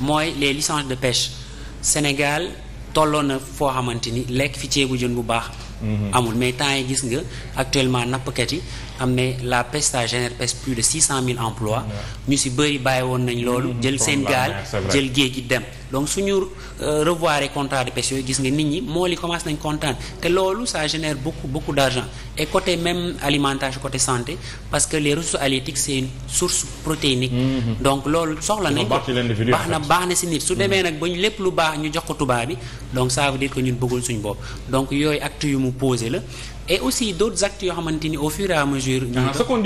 mooy les licences de pêche Sénégal tolloo na foo xamante ni lekk fi ceebu jën bu baax Mm-hmm. amul mais temps yi gis nga actuellement nappkat yi am ne la pêche ça génère plus de six cent mille emplois ñu si bëri bàyyi woon nañ loolu mm-hmm. jël seen gaal jël géej gi dem donc suñu euh, revoir contrat de pêche yooyu gis nga nit ñi moo li commence nañ kontaan te loolu ça génère beaucoup beaucoup d'argent et coté même alimentation côté santé parce que les ressources halieutiques c'est une source protéinique mm-hmm. donc loolu soxla nañ ko baax na baax na si nit su demee nag ba ñu lépp lu baax ñu jox ko tubaab bi donc ça veut que ñun bëggul suñu bopp mu posé la et aussi d'autres actes yoo xamante ni au fur et à mesure. Ah,